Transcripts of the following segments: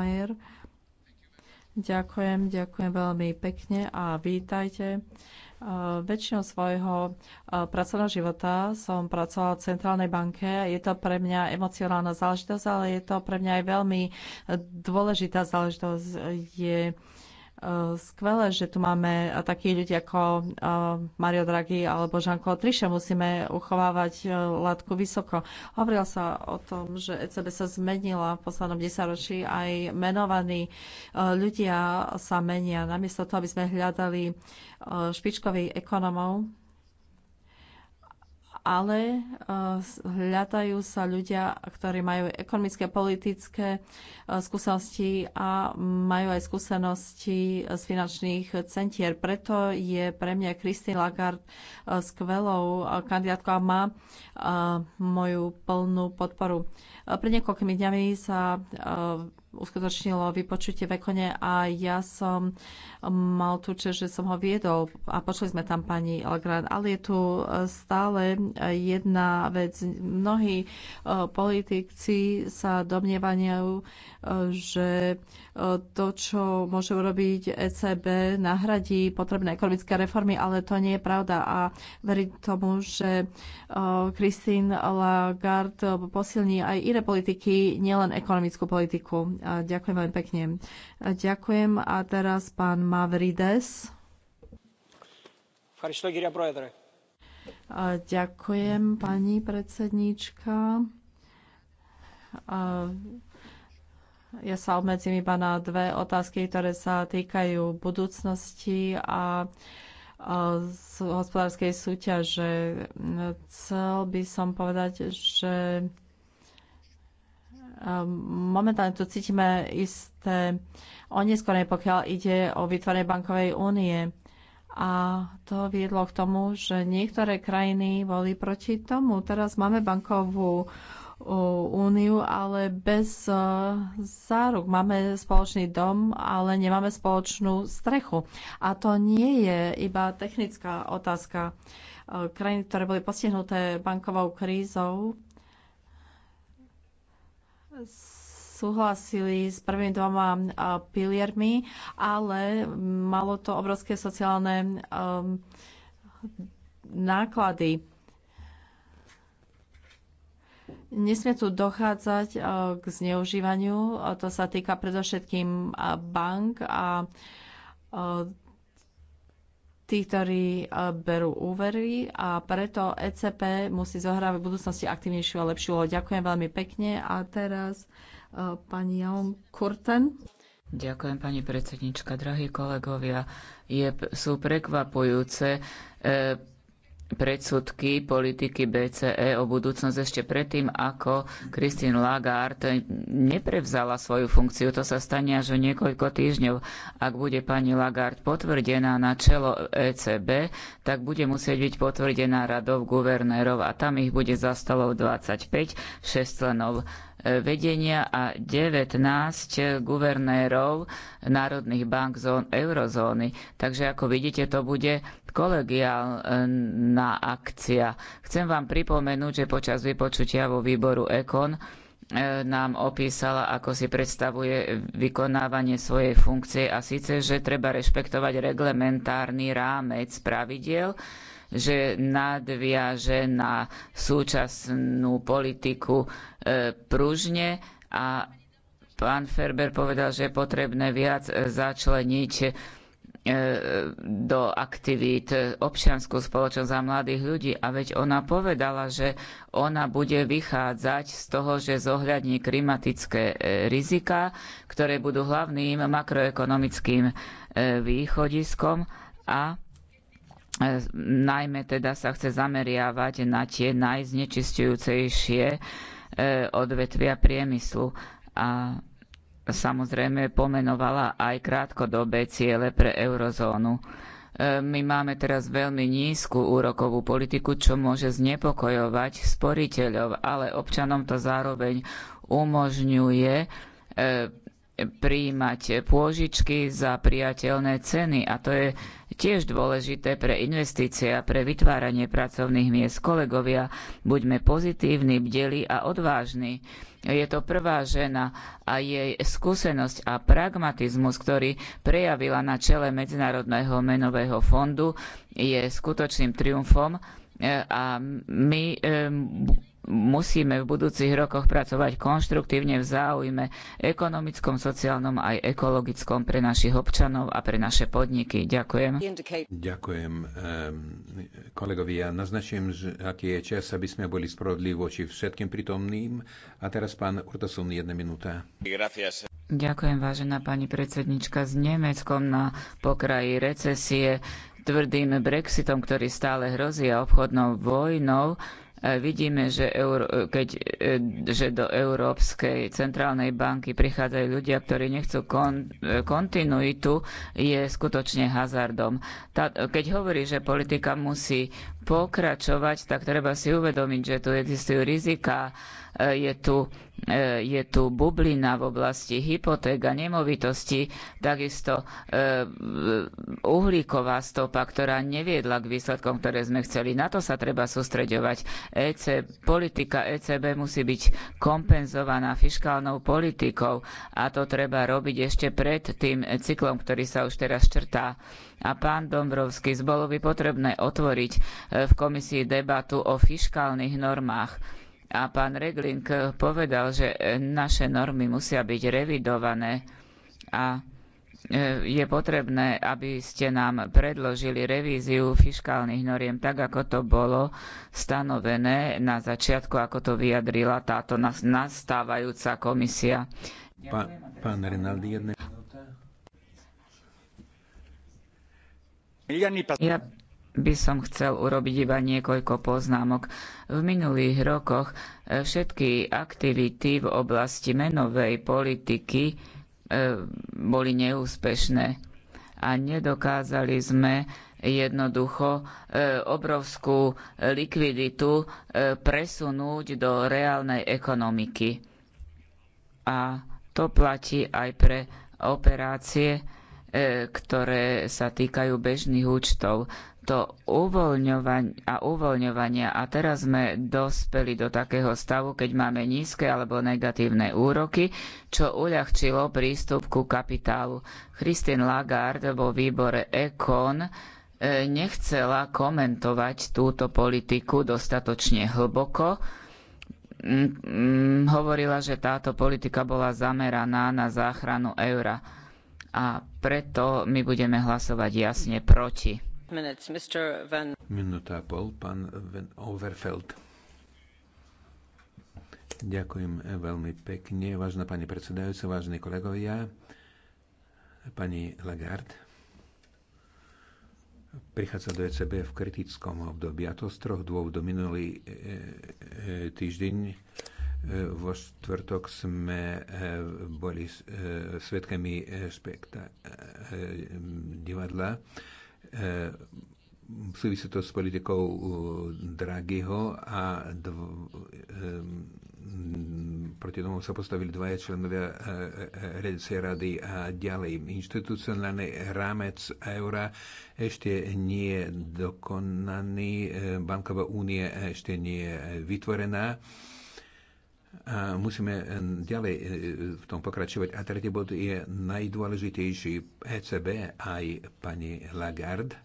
Majer. Ďakujem, ďakujem veľmi pekne a vítajte. Uh, väčšinou svojho uh, pracovného života som pracovala v Centrálnej banke. Je to pre mňa emocionálna záležitosť, ale je to pre mňa aj veľmi uh, dôležitá záležitosť. Je Eh, skvelé, že tu máme eh, takí ľudí ako eh, Mario Draghi alebo Jean-Claude Trichet. Musíme uchovávať látku vysoko. Hovoril sa o tom, že ECB sa zmenila v poslednom desaťročí. Aj menovaní ľudia sa menia. Namiesto toho, aby sme hľadali špičkových ekonomov, ale eh, hľadajú sa ľudia, ktorí majú ekonomické, politické eh, skúsenosti a majú aj skúsenosti z finančných centier. Preto je pre mňa Christine Lagarde eh, skvelou kandidátkou a má moju plnú podporu. Pred niekoľkými dňami sa uskutočnilo vypočutie v Ekone a ja som mal tú čest, že som ho viedol a počuli sme tam pani Legrand, ale je tu eh, stále eh, jedna vec. Mnohí eh, politici sa domnievajú, že to, čo môže urobiť ECB, nahradí potrebné ekonomické reformy, ale to nie je pravda a verím tomu, že Christine Lagarde posilní aj iné politiky, nielen ekonomickú politiku. Ďakujem veľmi pekne. Ďakujem a teraz pán Mavrides. Ďakujem, pani predsedníčka. Ja sa obmedzím iba na dve otázky, ktoré sa týkajú budúcnosti a z hospodárskej súťaže. Chcel by som povedať, že momentálne tu cítime isté oneskorenie, pokiaľ ide o vytvorenie bankovej únie. A to viedlo k tomu, že niektoré krajiny boli proti tomu. Teraz máme bankovú úniu, ale bez e, záruk. Máme spoločný dom, ale nemáme spoločnú strechu. A to nie je iba technická otázka. E, krajiny, ktoré boli postihnuté bankovou krízou, súhlasili s prvými dvoma piliermi, ale malo to obrovské sociálne náklady. Nesmie tu dochádzať k zneužívaniu. To sa týka predovšetkým bank a tí, ktorí eh, berú úvery a preto ECP musí zohrávať v budúcnosti aktivnejšiu a lepšiu úlohu. Ďakujem veľmi pekne a teraz eh, pani Jaum Kurten. Ďakujem, pani predsednička. Drahí kolegovia, je, sú prekvapujúce e, predsudky politiky BCE o budúcnosť ešte predtým, ako Christine Lagarde neprevzala svoju funkciu. To sa stane až o niekoľko týždňov. Ak bude pani Lagarde potvrdená na čelo ECB, tak bude musieť byť potvrdená radov guvernérov a tam ich bude zastalo 25, 6 členov vedenia a 19 guvernérov národných bank zón eurozóny. Takže ako vidíte, to bude kolegiálna akcia. Chcem vám pripomenúť, že počas vypočutia vo výboru EKON e, nám opísala, ako si predstavuje vykonávanie svojej funkcie a síce, že treba rešpektovať reglementárny rámec pravidiel, že nadviaže na súčasnú politiku e, pružne a pán Ferber povedal, že je potrebné viac začleniť E, do aktivít občianskú spoločnosť a mladých ľudí. A veď ona povedala, že ona bude vychádzať z toho, že zohľadní klimatické e, rizika, ktoré budú hlavným makroekonomickým e, východiskom a najmä teda sa chce zameriavať na tie najznečistujúcejšie odvetvia priemyslu. A samozrejme pomenovala aj krátkodobé ciele pre eurozónu. E, my máme teraz veľmi nízku úrokovú politiku, čo môže znepokojovať sporiteľov, ale občanom to zároveň umožňuje e, príjmať pôžičky za priateľné ceny a to je tiež dôležité pre investície a pre vytváranie pracovných miest. Kolegovia, buďme pozitívni, bdeli a odvážni. Je to prvá žena a jej skúsenosť a pragmatizmus, ktorý prejavila na čele Medzinárodného menového fondu, je skutočným triumfom e, a my e, musíme v budúcich rokoch pracovať konštruktívne v záujme ekonomickom, sociálnom aj ekologickom pre našich občanov a pre naše podniky. Ďakujem. Ďakujem. Kolegovi, ja naznačím, že aký je čas, aby sme boli spravodliví voči všetkým prítomným. A teraz pán Urtasun, jedna minúta. Ďakujem, vážená pani predsednička. S Nemeckom na pokraji recesie, tvrdým Brexitom, ktorý stále hrozí a obchodnou vojnou, E, vidíme, že, euro, e, keď, e, že do Európskej centrálnej banky prichádzajú ľudia, ktorí nechcú kon, kontinuitu, je skutočne hazardom. Tá, keď hovorí, že politika musí pokračovať, tak treba si uvedomiť, že tu existujú rizika E, je tu, e, je tu bublina v oblasti hypoték a nemovitosti, takisto e, uhlíková stopa, ktorá neviedla k výsledkom, ktoré sme chceli. Na to sa treba sústreďovať. EC, politika ECB musí byť kompenzovaná fiskálnou politikou a to treba robiť ešte pred tým cyklom, ktorý sa už teraz črtá. A pán Dombrovský, bolo by potrebné otvoriť v komisii debatu o fiskálnych normách a pán Regling povedal, že naše normy musia byť revidované a e, je potrebné, aby ste nám predložili revíziu fiškálnych noriem tak, ako to bolo stanovené na začiatku, ako to vyjadrila táto nastávajúca komisia. Pán, pán Rinaldi, jedna minúta. Ja by som chcel urobiť iba niekoľko poznámok. V minulých rokoch e, všetky aktivity v oblasti menovej politiky e, boli neúspešné a nedokázali sme jednoducho e, obrovskú likviditu presunúť do reálnej ekonomiky. A to platí aj pre operácie, ktoré sa týkajú bežných účtov tohto uvoľňovania a uvoľňovania a teraz sme dospeli do takého stavu, keď máme nízke alebo negatívne úroky, čo uľahčilo prístup ku kapitálu. Christine Lagarde vo výbore Econ e, nechcela komentovať túto politiku dostatočne hlboko. Mm, mm, hovorila, že táto politika bola zameraná na záchranu eura a preto my budeme hlasovať jasne proti. Ďakujem eh, veľmi pekne, vážna pani predsedajúca, vážni kolegovia, pani Lagarde. Prichádza do ECB v kritickom období a to z troch dôvodov. Minulý eh, eh, týždeň vo štvrtok sme boli svetkami špekta divadla E, súvisí to s politikou e, Draghiho a dv, e, proti tomu sa postavili dvaja členovia Redice rady a ďalej. Inštitucionálny rámec eura ešte nie je dokonaný, banková únia ešte nie je vytvorená musíme e, ďalej e, v tom pokračovať. A tretí bod je najdôležitejší. ECB aj pani Lagarde e,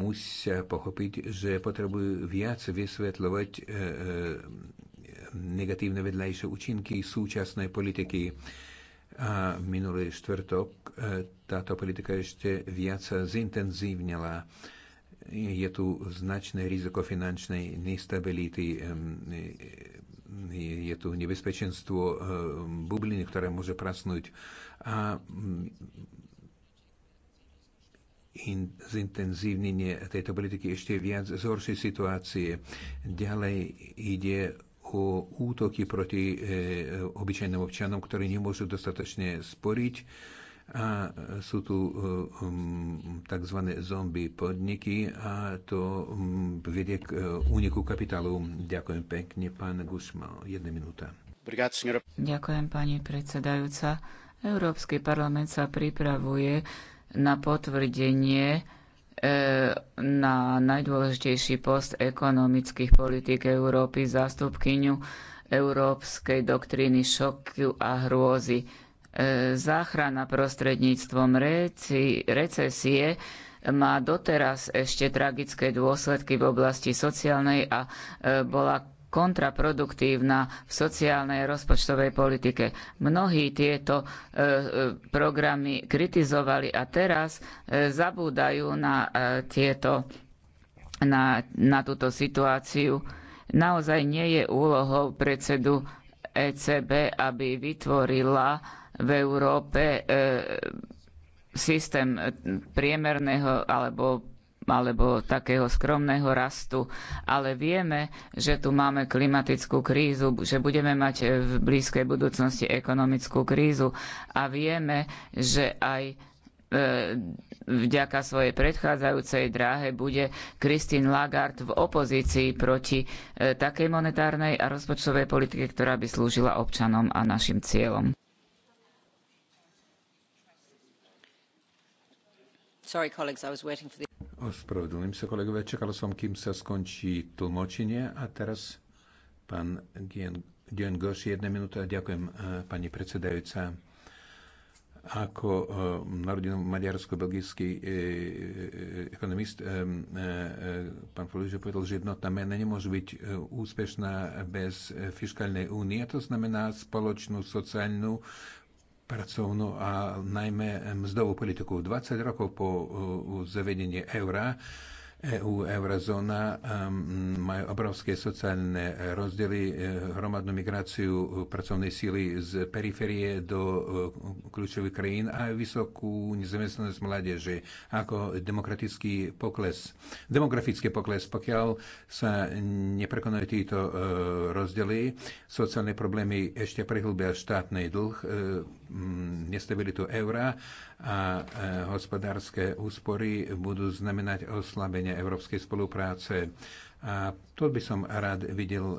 musia pochopiť, že potrebujú viac vysvetľovať negatívne vedľajšie účinky súčasnej politiky. A minulý štvrtok táto politika ešte viac zintenzívnila je tu značné riziko finančnej nestability, je tu nebezpečenstvo bubliny, ktoré môže prasnúť a mm, in, zintenzívnenie tejto politiky ešte viac zhorší situácie. Ďalej ide o útoky proti e, obyčajným občanom, ktorí nemôžu dostatočne sporiť a e, sú tu e, um, tzv. zombie podniky a to um, vedie k e, úniku kapitálu. Ďakujem pekne, pán Gusma. Jedna minúta. Ďakujem, pani predsedajúca. Európsky parlament sa pripravuje na potvrdenie na najdôležitejší post ekonomických politik Európy zástupkyňu európskej doktríny šoku a hrôzy E, záchrana prostredníctvom reci, recesie má doteraz ešte tragické dôsledky v oblasti sociálnej a e, bola kontraproduktívna v sociálnej rozpočtovej politike. Mnohí tieto e, programy kritizovali a teraz zabúdajú na, tieto, na, na túto situáciu. Naozaj nie je úlohou predsedu ECB, aby vytvorila v Európe e, systém priemerného alebo alebo takého skromného rastu. Ale vieme, že tu máme klimatickú krízu, že budeme mať v blízkej budúcnosti ekonomickú krízu a vieme, že aj e, vďaka svojej predchádzajúcej dráhe bude Christine Lagarde v opozícii proti e, takej monetárnej a rozpočtovej politike, ktorá by slúžila občanom a našim cieľom. Sorry, colleagues, I was waiting for the... Ospravedlňujem sa, kolegovia, čakal som, kým sa skončí tlmočenie a teraz pán Dien Goš, jedna minúta. Ďakujem, eh, pani predsedajúca. Ako eh, narodený maďarsko-belgický eh, ekonomist, pán Folíže povedal, že jednotná mena nemôže byť úspešná bez fiskálnej únie. To znamená spoločnú sociálnu pracovnú a najmä mzdovú politiku. 20 rokov po eh, zavedení eura EU, eurozóna ehm, majú obrovské sociálne rozdiely, eh, hromadnú migráciu eh, pracovnej síly z periférie do kľúčových krajín a vysokú nezamestnanosť mládeže ako demokratický pokles, demografický pokles. Pokiaľ sa neprekonajú títo rozdiely, sociálne problémy ešte prehlbia štátny dlh, Mm, nestabilitu eura a e, hospodárske úspory budú znamenať oslabenie európskej spolupráce. A to by som rád videl e,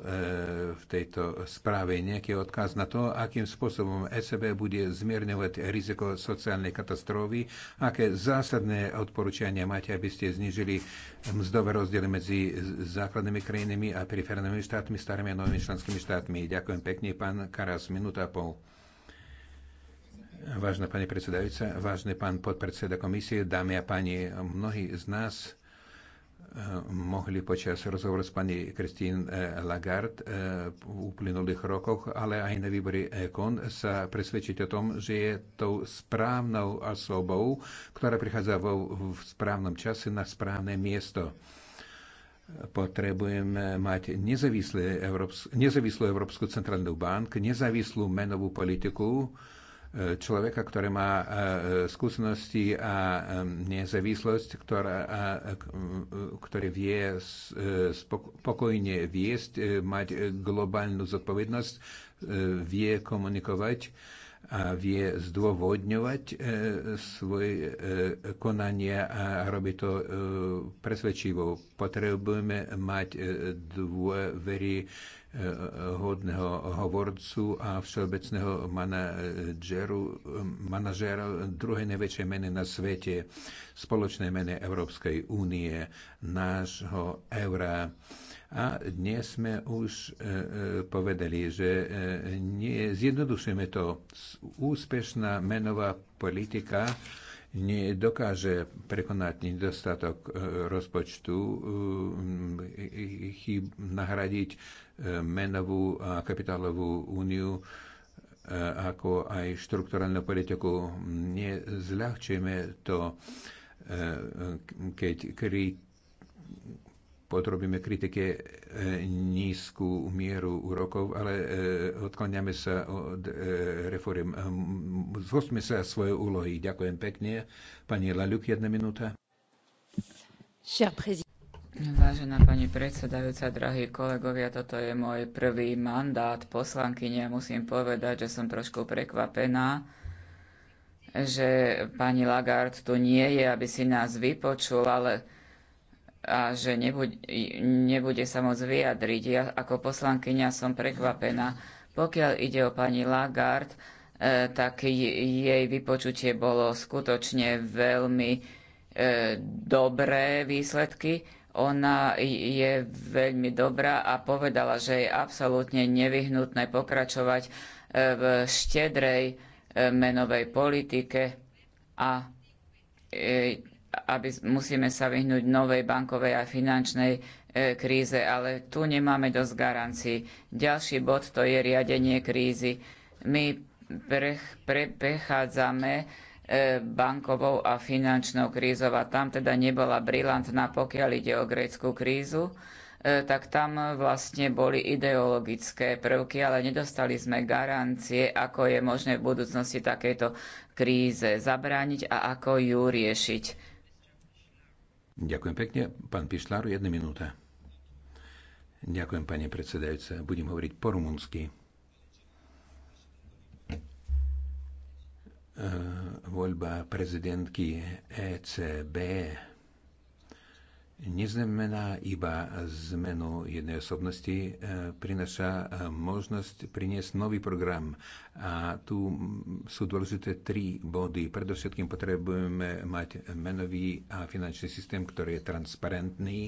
v tejto správe nejaký odkaz na to, akým spôsobom ECB bude zmierňovať riziko sociálnej katastrofy, aké zásadné odporúčania máte, aby ste znižili mzdové rozdiely medzi základnými krajinami a periférnymi štátmi, starými a novými členskými štátmi. Ďakujem pekne, pán Karas, minúta a pol. Vážna pani predsedajúca, vážny pán podpredseda komisie, dámy a páni, mnohí z nás eh, mohli počas rozhovoru s pani Kristín eh, Lagarde eh, v uplynulých rokoch, ale aj na výbore EKON sa presvedčiť o tom, že je tou správnou osobou, ktorá prichádza vo, v správnom čase na správne miesto. Potrebujeme mať nezávislú Európsku, centrálnu bank, nezávislú menovú politiku, človeka, ktorý má e, skúsenosti a e, nezávislosť, ktorá, e, ktorý vie spokojne viesť, mať globálnu zodpovednosť, vie komunikovať a vie zdôvodňovať svoje konanie a robí to presvedčivo. Potrebujeme mať dôvery hodného hovorcu a všeobecného manažeru, manažera druhej najväčšej mene na svete, spoločné mene Európskej únie, nášho eura. A dnes sme už e, e, povedali, že e, nie, zjednodušujeme to. Úspešná menová politika nedokáže prekonať nedostatok e, rozpočtu, chýb, e, nahradiť e, menovú a kapitálovú úniu ako aj štrukturálnu politiku. Nezľahčujeme to, keď kri podrobíme kritike e, nízku mieru úrokov, ale e, odkláňame sa od e, reform. Zhostme sa svoje úlohy. Ďakujem pekne. Pani Laľuk, jedna minúta. Vážená pani predsedajúca, drahí kolegovia, toto je môj prvý mandát poslankyne. Musím povedať, že som trošku prekvapená, že pani Lagarde tu nie je, aby si nás vypočul, ale a že nebude, nebude sa môcť vyjadriť. Ja ako poslankyňa som prekvapená. Pokiaľ ide o pani Lagarde, e, tak jej vypočutie bolo skutočne veľmi e, dobré výsledky. Ona je veľmi dobrá a povedala, že je absolútne nevyhnutné pokračovať e, v štedrej menovej politike a aby musíme sa vyhnúť novej bankovej a finančnej e, kríze, ale tu nemáme dosť garancií. Ďalší bod to je riadenie krízy. My pre, prechádzame e, bankovou a finančnou krízou a tam teda nebola brilantná, pokiaľ ide o grécku krízu, e, tak tam vlastne boli ideologické prvky, ale nedostali sme garancie, ako je možné v budúcnosti takéto kríze zabrániť a ako ju riešiť. Ďakujem pekne. Pán Pišlár, jedna minúta. Ďakujem, pani predsedajúca. Budem hovoriť po rumunsky. Eh, voľba prezidentky ECB neznamená iba zmenu jednej osobnosti, e, prináša e, možnosť priniesť nový program. A tu sú dôležité tri body. Predovšetkým potrebujeme mať menový a finančný systém, ktorý je transparentný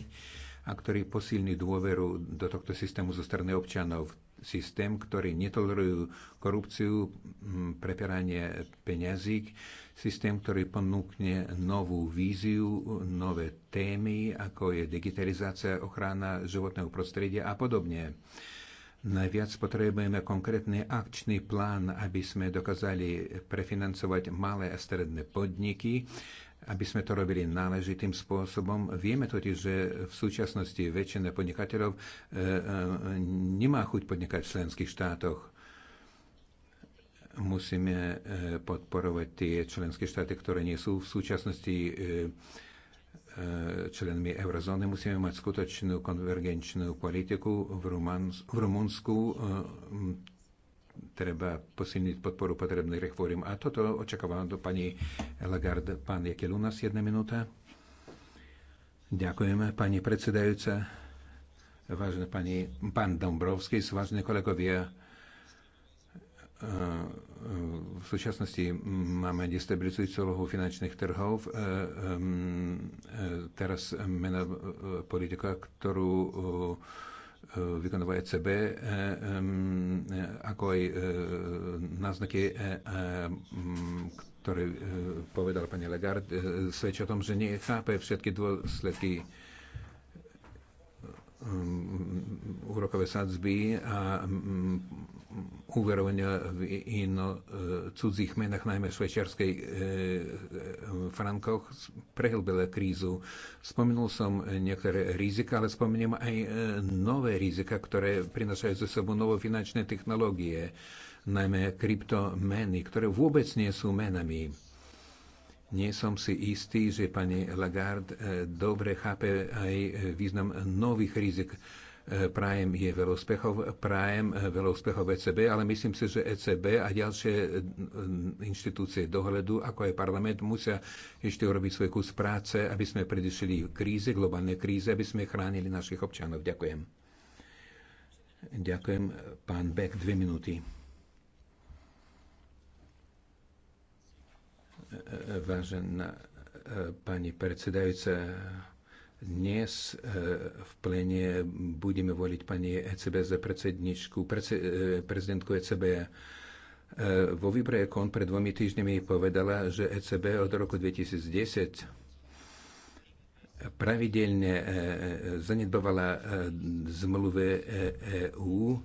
a ktorý posilní dôveru do tohto systému zo strany občanov. Systém, ktorý netolerujú korupciu, prepieranie peňazík, systém, ktorý ponúkne novú víziu, nové témy, ako je digitalizácia, ochrana životného prostredia a podobne. Najviac potrebujeme konkrétny akčný plán, aby sme dokázali prefinancovať malé a stredné podniky, aby sme to robili náležitým spôsobom. Vieme totiž, že v súčasnosti väčšina podnikateľov eh, eh, nemá chuť podnikať v členských štátoch musíme e, podporovať tie členské štáty, ktoré nie sú v súčasnosti e, e, členmi eurozóny. Musíme mať skutočnú konvergenčnú politiku v, Rumans- v Rumunsku. Treba posilniť podporu potrebných reform. A toto očakávam do pani Lagarde. Pán Jakelunas, jedna minúta. Ďakujeme, pani predsedajúca. Vážne pani, pán Dombrovský, vážne kolegovia, Eh, v súčasnosti máme destabilizujúcu úlohu finančných trhov. Eh, eh, teraz mena politika, ktorú vykonáva ECB, ako aj náznaky, ktoré povedal pani Legard, svedčia o tom, že nechápe všetky dôsledky úrokové sadzby a uverovania v ino, e, cudzích menách, najmä v švečiarskej e, e, frankoch, prehlbila krízu. Spomenul som niektoré rizika, ale spomeniem aj e, nové rizika, ktoré prinášajú zo sebou novo finančné technológie, najmä kryptomeny, ktoré vôbec nie sú menami. Nie som si istý, že pani Lagarde dobre chápe aj význam nových rizik Eh, prajem je veľa úspechov, prajem eh, veľa úspechov ECB, ale myslím si, že ECB a ďalšie eh, inštitúcie dohľadu, ako aj parlament, musia ešte urobiť svoj kus práce, aby sme predišli kríze, globálne kríze, aby sme chránili našich občanov. Ďakujem. Ďakujem. Pán Beck, dve minúty. Vážená pani predsedajúca, dnes e, v plene budeme voliť pani ECB za predsedničku, prece, e, prezidentku ECB. E, vo výbore kon pred dvomi týždňami povedala, že ECB od roku 2010 pravidelne zanedbovala zmluvy EU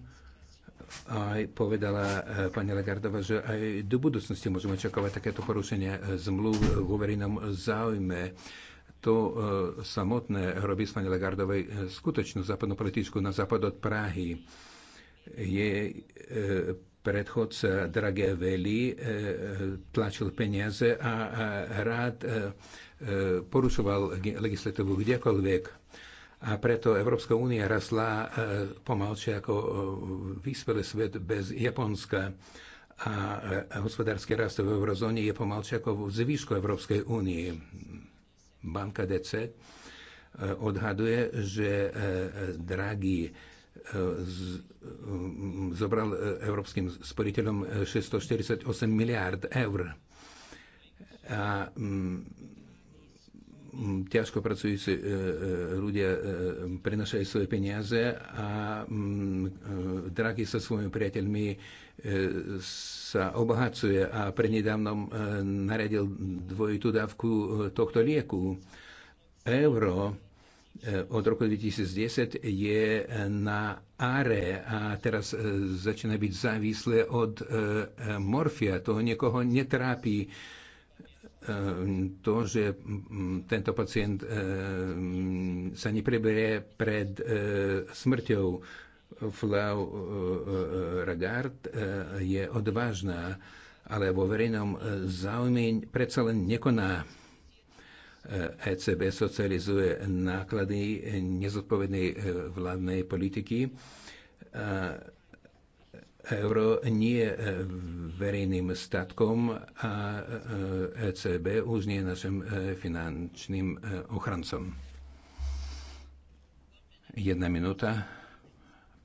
a povedala pani Lagardova, že aj do budúcnosti môžeme očakávať takéto porušenie zmluv vo verejnom záujme to e, samotné robíctvo Legardovej e, skutočnú západnú političku na západ od Prahy. e, predchodca Drage Veli e, tlačil peniaze a rád porušoval legislatívu kdekoľvek. A preto Európska únia rasla pomalšie ako vyspelý svet bez Japonska a hospodársky rast v eurozóne je pomalšie ako v zvýšku Európskej únie Banka DC e, odhaduje, že e, Draghi e, zobral európskym sporiteľom 648 miliárd eur. A ťažko pracujúci ľudia prenašajú svoje peniaze a Draghi sa svojimi priateľmi E, sa obohacuje a prednedávnom e, naredil dvojitú dávku e, tohto lieku. Euro od roku 2010 je na are a teraz začína byť závislé od morfia. To niekoho netrápi to, že tento pacient sa nepreberie pred smrťou. Flau e, e, Ragard e, je odvážna, ale vo verejnom záujme predsa len nekoná. ECB socializuje náklady nezodpovednej vládnej politiky. Euro nie je verejným statkom a ECB už nie je našim finančným ochrancom. Jedna minúta.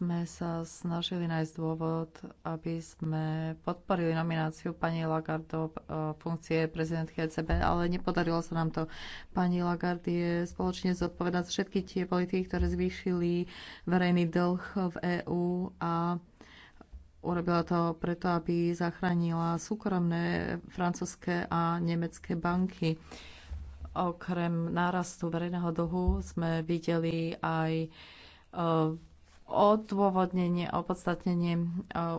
sme sa snažili nájsť dôvod, aby sme podporili nomináciu pani Lagarde do e, funkcie prezidentky ECB, ale nepodarilo sa nám to. Pani Lagarde je spoločne zodpovedná za všetky tie politiky, ktoré zvýšili verejný dlh v EÚ a urobila to preto, aby zachránila súkromné francúzske a nemecké banky. Okrem nárastu verejného dlhu sme videli aj e, odôvodnenie, opodstatnenie e,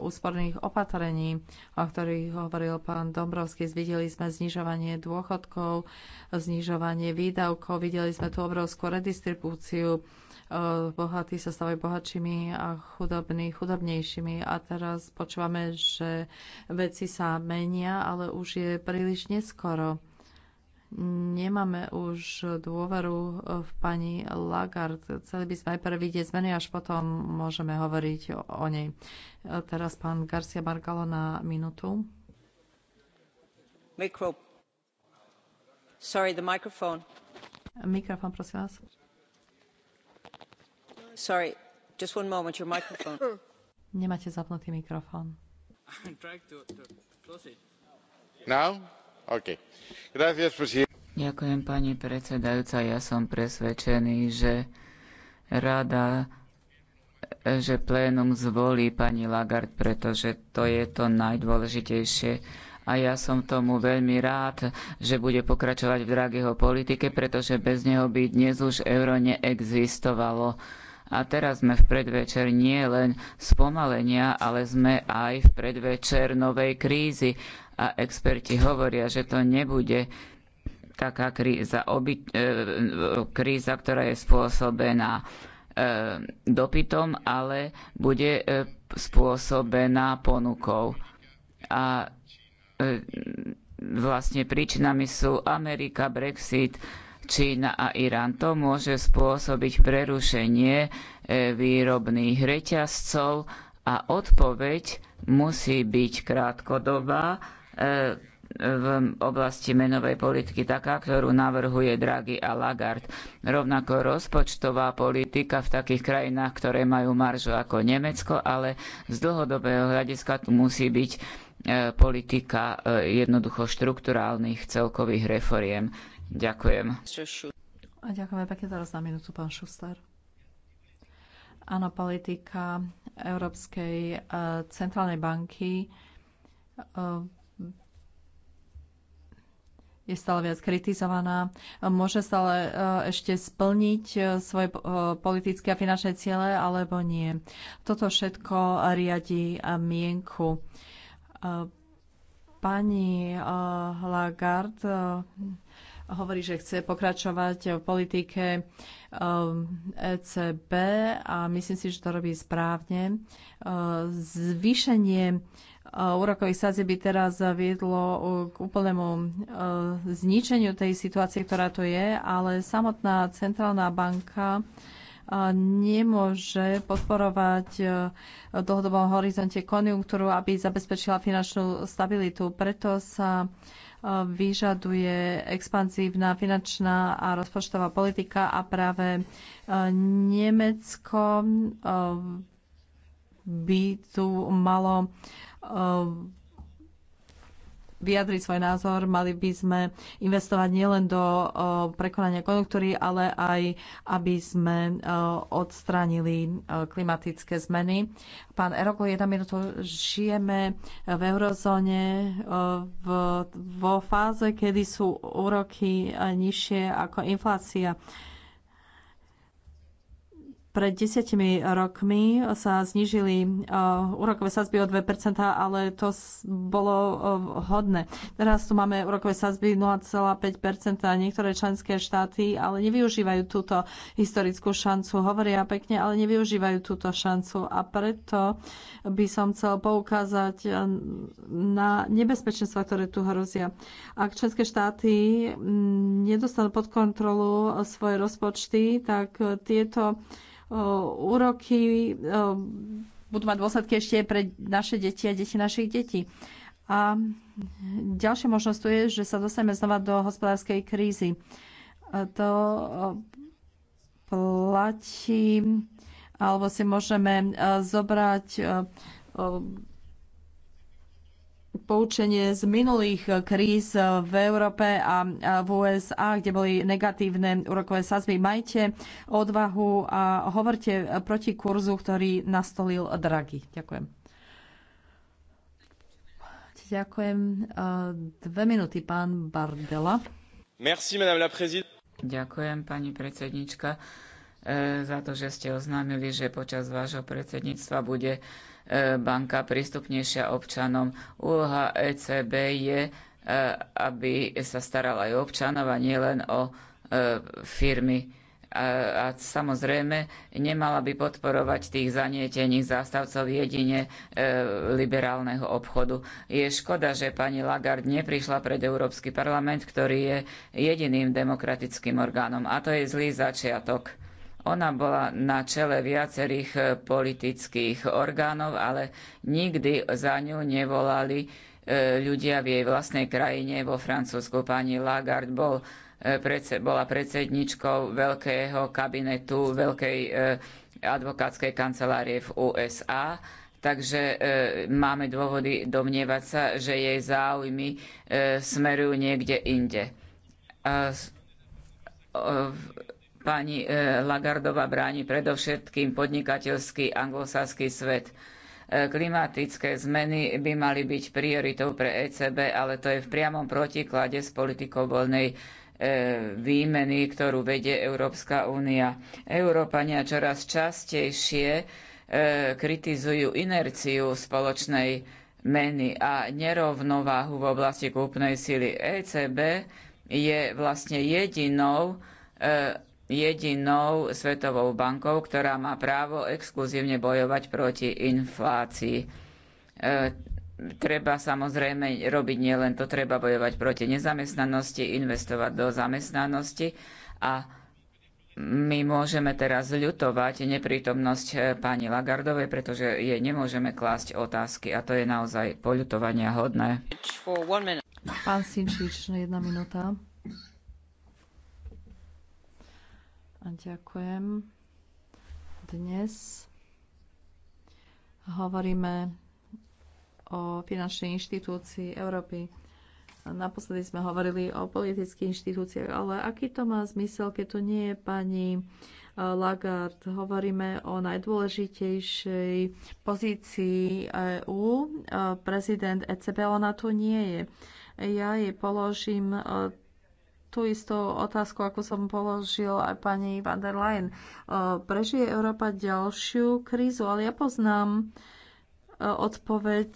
úsporných opatrení, o ktorých hovoril pán Dombrovský. Videli sme znižovanie dôchodkov, znižovanie výdavkov, videli sme tú obrovskú redistribúciu. E, bohatí sa stávajú bohatšími a chudobní chudobnejšími. A teraz počúvame, že veci sa menia, ale už je príliš neskoro nemáme už dôveru v pani Lagarde. Chceli by sme aj vidieť zmeny, až potom môžeme hovoriť o, o nej. Teraz pán Garcia Margalo na minútu. Mikro. Sorry, the microphone. Mikrofón, prosím vás. Sorry, just one moment, your microphone. Nemáte zapnutý mikrofón. I'm trying to, to close it. Now? Ďakujem pani predsedajúca. Ja som presvedčený, že rada že plénum zvolí pani Lagarde, pretože to je to najdôležitejšie. A ja som tomu veľmi rád, že bude pokračovať v Draghiho politike, pretože bez neho by dnes už euro neexistovalo. A teraz sme v predvečer nie len spomalenia, ale sme aj v predvečer novej krízy a experti hovoria, že to nebude taká kríza, oby, e, kríza ktorá je spôsobená e, dopytom, ale bude e, spôsobená ponukou. A e, vlastne príčinami sú Amerika, Brexit, Čína a Irán. To môže spôsobiť prerušenie výrobných reťazcov a odpoveď musí byť krátkodobá E, v oblasti menovej politiky taká, ktorú navrhuje Draghi a Lagarde. Rovnako rozpočtová politika v takých krajinách, ktoré majú maržu ako Nemecko, ale z dlhodobého hľadiska tu musí byť e, politika e, jednoducho štrukturálnych celkových reforiem. Ďakujem. A ďakujeme pekne teraz na minútu, pán Šuster. Áno, politika Európskej centrálnej banky je stále viac kritizovaná, môže stále e, ešte splniť e, svoje e, politické a finančné ciele alebo nie. Toto všetko riadi mienku. Pani Lagarde hovorí, že chce pokračovať v politike ECB a myslím si, že to robí správne. Zvýšenie úrokových sadzieb by teraz viedlo uh, k úplnému uh, zničeniu tej situácie, ktorá to je, ale samotná centrálna banka uh, nemôže podporovať v dlhodobom horizonte konjunktúru, aby zabezpečila finančnú stabilitu. Preto sa vyžaduje expanzívna finančná a rozpočtová politika a práve Nemecko by tu malo eh, vyjadriť svoj názor, mali by sme investovať nielen do eh, prekonania konjunktúry, ale aj aby sme eh, odstránili klimatické zmeny. Pán Eroko, jedna minúta, žijeme v eurozóne v, vo fáze, kedy sú úroky nižšie ako inflácia pred desiatimi rokmi sa znížili e, úrokové sadzby o 2%, ale to bolo e, hodné. Teraz tu máme úrokové sadzby 0,5%. Niektoré členské štáty ale nevyužívajú túto historickú šancu. Hovoria pekne, ale nevyužívajú túto šancu. A preto by som chcel poukázať e, na nebezpečenstva, ktoré tu hrozia. Ak členské štáty nedostanú pod kontrolu svoje rozpočty, tak tieto úroky budú mať dôsledky ešte pre naše deti a deti našich detí. A ďalšia možnosť tu je, že sa dostaneme znova do hospodárskej krízy. To platí, alebo si môžeme zobrať poučenie z minulých kríz v Európe a v USA, kde boli negatívne úrokové sazby. Majte odvahu a hovorte proti kurzu, ktorý nastolil Draghi. Ďakujem. Ďakujem. Eh, dve minúty, pán Bardela. Merci, madame la Ďakujem, pani predsednička. E, za to, že ste oznámili, že počas vášho predsedníctva bude e, banka prístupnejšia občanom. Úloha ECB je, e, aby sa starala aj občanov a nielen o firmy. A, a samozrejme nemala by podporovať tých zanietených zástavcov jedine e, liberálneho obchodu. Je škoda, že pani Lagarde neprišla pred Európsky parlament, ktorý je jediným demokratickým orgánom. A to je zlý začiatok ona bola na čele viacerých eh, politických orgánov, ale nikdy za ňu nevolali eh, ľudia v jej vlastnej krajine, vo Francúzsku. Pani Lagarde bol, eh, bola predsedničkou veľkého kabinetu veľkej advokátskej kancelárie v USA. Takže e, máme dôvody domnievať sa, že jej záujmy e, smerujú niekde inde. E, e, pani e, Lagardova bráni predovšetkým podnikateľský anglosaský svet. E, klimatické zmeny by mali byť prioritou pre ECB, ale to je v priamom protiklade s politikou voľnej e, výmeny, ktorú vedie Európska únia. Európania čoraz častejšie kritizujú inerciu spoločnej meny a nerovnováhu v oblasti kúpnej sily. ECB je vlastne jedinou jedinou svetovou bankou, ktorá má právo exkluzívne bojovať proti inflácii. E, treba samozrejme robiť nielen to, treba bojovať proti nezamestnanosti, investovať do zamestnanosti a my môžeme teraz ľutovať neprítomnosť e, pani Lagardovej, pretože jej nemôžeme klásť otázky a to je naozaj poľutovania hodné. Pán Sinčič, jedna minúta. A ďakujem. Dnes hovoríme o finančnej inštitúcii Európy. Naposledy sme hovorili o politických inštitúciách, ale aký to má zmysel, keď to nie je pani eh, Lagarde? Hovoríme o najdôležitejšej pozícii EÚ. Eh, prezident ECB, ona tu nie je. Ja jej položím eh, tú istú otázku, ako som položil aj pani van der Leyen. E, prežije Európa ďalšiu krízu, ale ja poznám e, odpoveď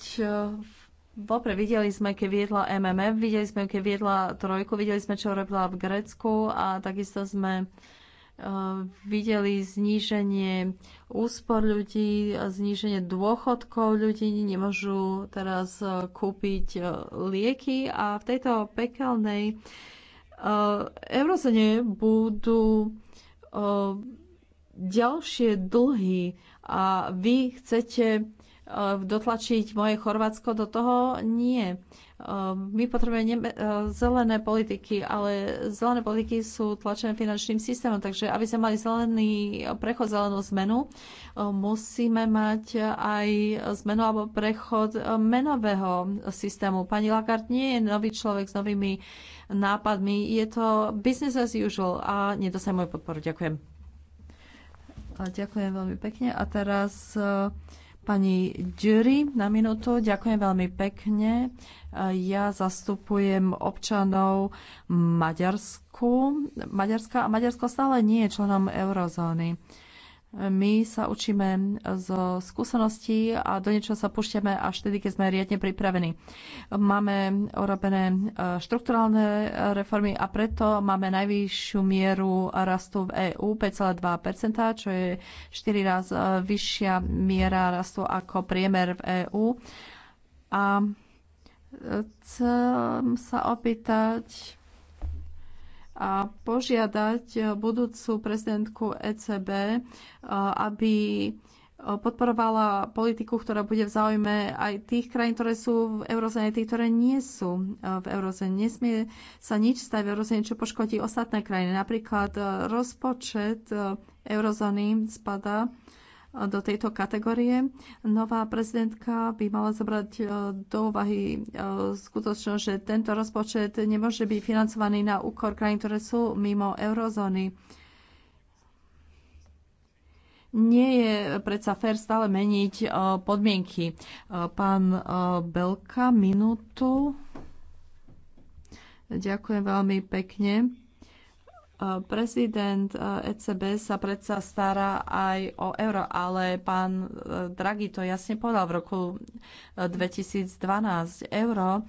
Dobre, e, videli sme, keď viedla MMF, videli sme, keď viedla Trojku, videli sme, čo robila v Grécku a takisto sme videli zníženie úspor ľudí, zníženie dôchodkov ľudí, nemôžu teraz kúpiť lieky a v tejto pekelnej Eurozone budú ďalšie dlhy a vy chcete dotlačiť moje Chorvátsko do toho? Nie. My potrebujeme zelené politiky, ale zelené politiky sú tlačené finančným systémom, takže aby sme mali zelený prechod, zelenú zmenu, musíme mať aj zmenu alebo prechod menového systému. Pani Lagarde nie je nový človek s novými nápadmi. Je to business as usual a sa môj podporu. Ďakujem. A ďakujem veľmi pekne. A teraz e, Pani Jury, na minútu, ďakujem veľmi pekne. E, ja zastupujem občanov Maďarsku. Maďarska a Maďarsko stále nie je členom eurozóny. My sa učíme zo skúseností a do niečo sa púšťame až vtedy, keď sme riadne pripravení. Máme urobené e, štrukturálne reformy a preto máme najvyššiu mieru rastu v EÚ 5,2%, čo je 4 raz e, vyššia miera rastu ako priemer v EÚ. A e, chcem sa opýtať, a požiadať eh, budúcu prezidentku ECB, eh, aby eh, podporovala politiku, ktorá bude v záujme aj tých krajín, ktoré sú v eurozóne, tých, ktoré nie sú v eurozóne. Nesmie sa nič stať v eurozóne, čo poškodí ostatné krajiny. Napríklad rozpočet eurozóny spada do tejto kategórie. Nová prezidentka by mala zobrať e, do úvahy e, skutočnosť, že tento rozpočet nemôže byť financovaný na úkor krajín, ktoré sú mimo eurozóny. Nie je predsa fér stále meniť e, podmienky. Pán Belka, minútu. Ďakujem veľmi pekne Prezident ECB eh, e sa predsa stará aj o euro, ale pán eh, Draghi to jasne povedal v roku 2012. Eh, euro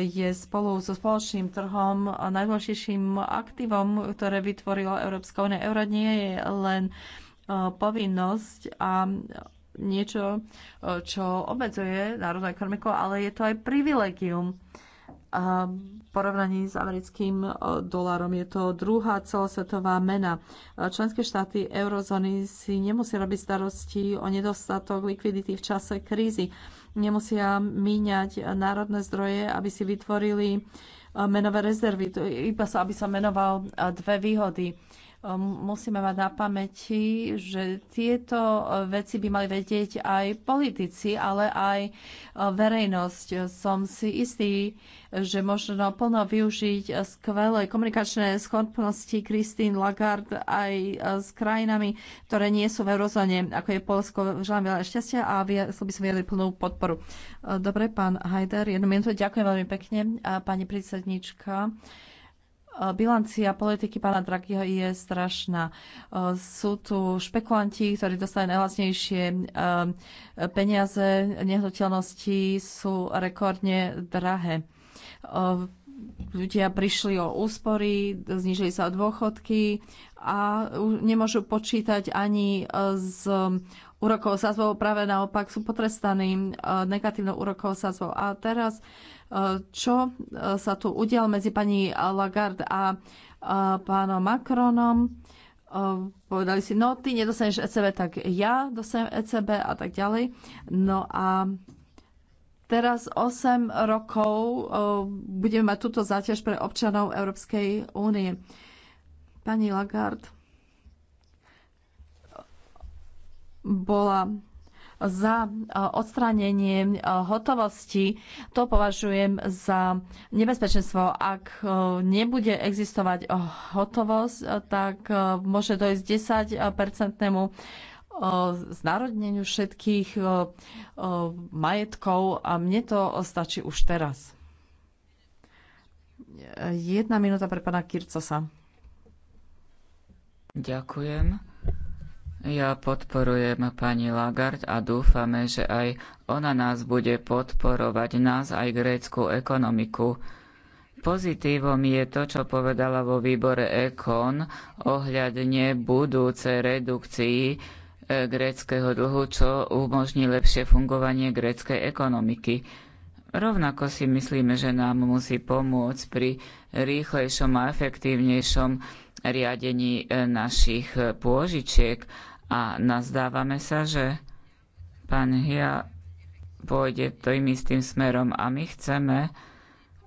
je spolu so spoločným trhom najdôležitejším aktívom, ktoré vytvorila Európska únia. Euro nie je len povinnosť a niečo, čo obmedzuje národnú ekonomiku, ale je to aj privilegium porovnaní s americkým e, dolárom je to druhá celosvetová mena. E, Členské štáty eurozóny si nemusia robiť starosti o nedostatok likvidity v čase krízy. Nemusia míňať národné zdroje, aby si vytvorili e, menové rezervy. Iba sa, aby sa menoval dve výhody Ehm, musíme mať na pamäti, že tieto eh, veci by mali vedieť aj politici, ale aj eh, verejnosť. Som si istý, že možno plno využiť eh, skvelé komunikačné schopnosti Christine Lagarde aj s krajinami, ktoré nie sú v eurozóne, ako je Polsko. Želám veľa šťastia a chcel by som vyjadriť plnú podporu. Dobre, pán Hajder, jednu minútu. Ďakujem veľmi pekne, pani predsednička. E, bilancia politiky pána Draghiho je strašná. E, sú tu špekulanti, ktorí dostali najlacnejšie e, peniaze, nehnuteľnosti sú rekordne drahé. Ľudia prišli o úspory, znižili sa dôchodky a nemôžu počítať ani s úrokovou sázbou, práve naopak sú potrestaní e, negatívnou úrokovou sázbou. A teraz, e, čo e, sa tu udial medzi pani Lagarde a pánom Macronom? Povedali si, no ty nedostaneš ECB, tak ja dostanem ECB a tak ďalej. No a teraz 8 rokov budeme mať túto záťaž pre občanov Európskej únie. Pani Lagarde, bola za e, odstránenie e, hotovosti. To považujem za nebezpečenstvo. Ak e, nebude existovať hotovosť, tak môže dojsť 10-percentnému znárodneniu všetkých majetkov a mne to stačí už teraz. Jedna minúta pre pána Kircosa. Ďakujem. Ja podporujem pani Lagarde a dúfame, že aj ona nás bude podporovať, nás aj grécku ekonomiku. Pozitívom je to, čo povedala vo výbore Ekon ohľadne budúcej redukcii eh, gréckého dlhu, čo umožní lepšie fungovanie gréckej ekonomiky. Rovnako si myslíme, že nám musí pomôcť pri rýchlejšom a efektívnejšom riadení eh, našich pôžičiek a nazdávame sa, že pán Hia pôjde tým istým smerom a my chceme,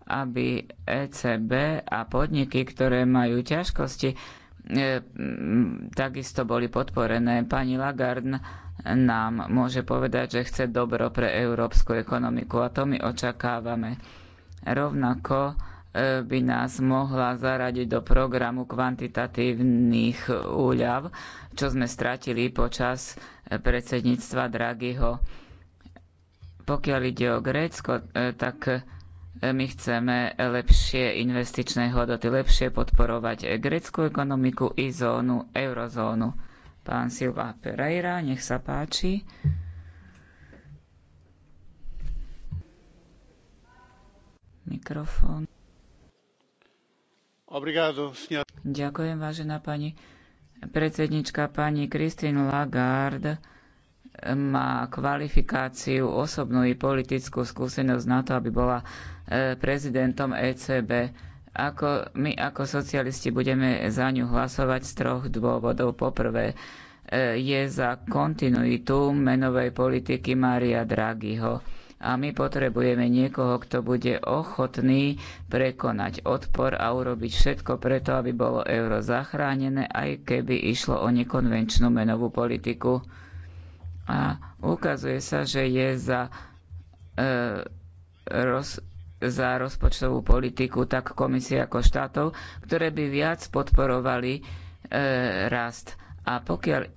aby ECB a podniky, ktoré majú ťažkosti, e, takisto boli podporené. Pani Lagarde nám môže povedať, že chce dobro pre európsku ekonomiku a to my očakávame. Rovnako E, by nás mohla zaradiť do programu kvantitatívnych úľav, čo sme stratili počas predsedníctva Draghiho. Pokiaľ ide o Grécko, e, tak e, my chceme lepšie investičné hodnoty, lepšie podporovať grécku ekonomiku i zónu, eurozónu. Pán Silva Pereira, nech sa páči. Mikrofón. Ďakujem, vážená pani predsednička, pani Christine Lagarde eh, má kvalifikáciu, osobnú i politickú skúsenosť na to, aby bola eh, prezidentom ECB. Ako, my ako socialisti budeme za ňu hlasovať z troch dôvodov. Poprvé, eh, je za kontinuitu menovej politiky Mária Draghiho a my potrebujeme niekoho, kto bude ochotný prekonať odpor a urobiť všetko preto, aby bolo euro zachránené, aj keby išlo o nekonvenčnú menovú politiku. A ukazuje sa, že je za, e, roz, za rozpočtovú politiku tak komisie ako štátov, ktoré by viac podporovali e, rast. A pokiaľ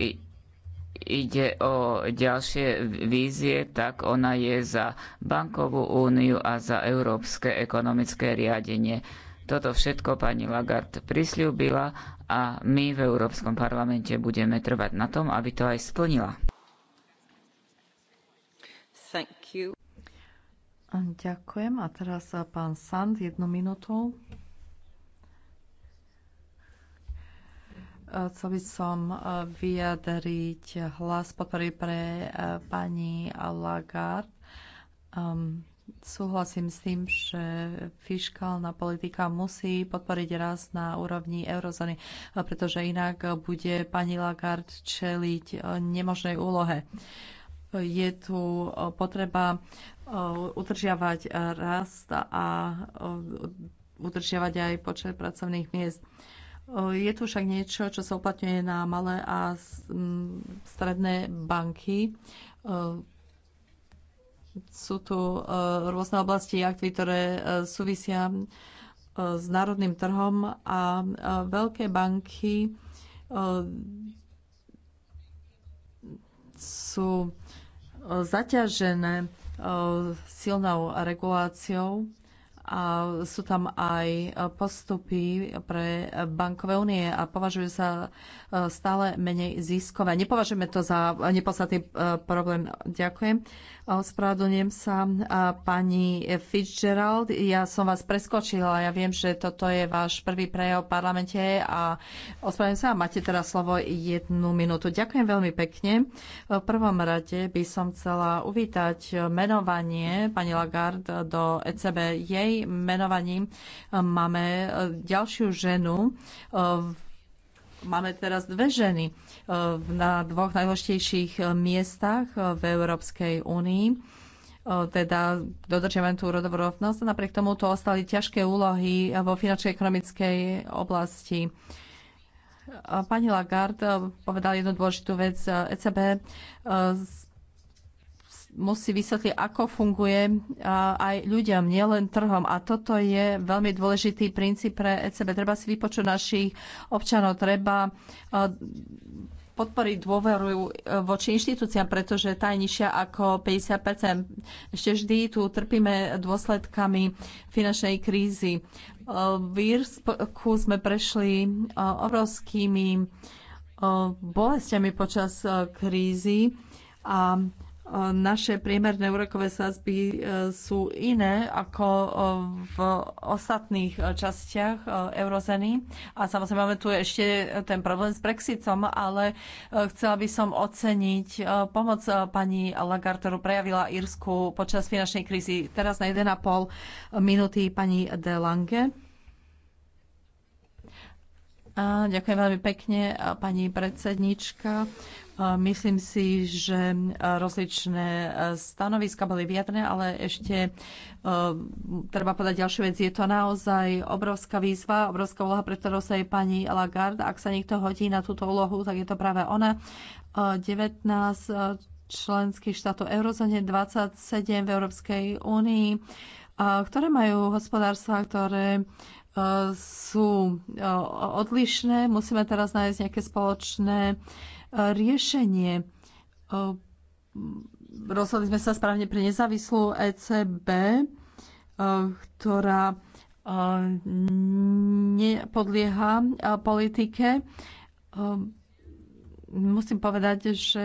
ide o ďalšie vízie, tak ona je za bankovú úniu a za európske ekonomické riadenie. Toto všetko pani Lagarde prisľúbila a my v Európskom parlamente budeme trvať na tom, aby to aj splnila. Ďakujem. A teraz pán Sand, jednu minútu. Chcel by som e, vyjadriť hlas podpory pre e, pani Lagarde. Um, súhlasím s tým, že fiskálna politika musí podporiť rast na úrovni eurozóny, e, pretože inak bude pani Lagarde čeliť nemožnej úlohe. Je tu potreba udržiavať rast a udržiavať aj počet pracovných miest je tu však niečo, čo sa uplatňuje na malé a stredné banky. Sú tu e, rôzne oblasti aktivít, ktoré e, súvisia e, s národným trhom a veľké banky sú zaťažené silnou reguláciou a sú tam aj e, postupy pre bankové únie a považujú sa e, stále menej ziskové. Nepovažujeme to za nepodstatný e, problém. Ďakujem. Ospravedlňujem sa pani Fitzgerald. Ja som vás preskočila. Ja viem, že toto je váš prvý prejav v parlamente a ospravedlňujem sa. Máte teraz slovo jednu minútu. Ďakujem veľmi pekne. V prvom rade by som chcela uvítať menovanie pani Lagarde do ECB. Jej menovaním máme eh, ďalšiu ženu eh, máme teraz dve ženy eh, na dvoch najdôležitejších miestach v Európskej únii. Teda dodržiavame tú rodovú rovnosť. Napriek tomu to ostali ťažké úlohy vo finančnej ekonomickej oblasti. Pani Lagarde povedala jednu dôležitú vec. ECB musí vysvetliť, ako funguje aj ľuďom, nielen trhom. A toto je veľmi dôležitý princíp pre ECB. Treba si vypočuť našich občanov, treba podporiť dôveru e, voči inštitúciám, pretože tá je nižšia ako 50 Ešte vždy tu trpíme dôsledkami finančnej krízy. E, v Írsku sme prešli e, obrovskými bolestiami počas krízy a naše priemerné úrokové sazby e, sú iné ako e, v ostatných e, častiach eurozeny. A samozrejme máme tu ešte ten problém s Brexitom, ale chcela by som oceniť pomoc pani Lagarde, ktorú prejavila Írsku počas finančnej krízy. Teraz na 1,5 minúty pani De Lange. A ďakujem veľmi pekne, pani predsednička. Myslím si, že e, rozličné e, stanoviska boli vyjadrené, ale ešte e, treba povedať ďalšiu vec. Je to naozaj obrovská výzva, obrovská úloha, pre ktorú sa je pani Lagarde. Ak sa niekto hodí na túto úlohu, tak je to práve ona. 19 členských štátov eurozóne, 27 v Európskej únii, ktoré majú hospodárstva, ktoré sú odlišné. Musíme teraz nájsť nejaké spoločné riešenie. Rozhodli sme sa správne pre nezávislú ECB, ktorá nepodlieha politike. Musím povedať, že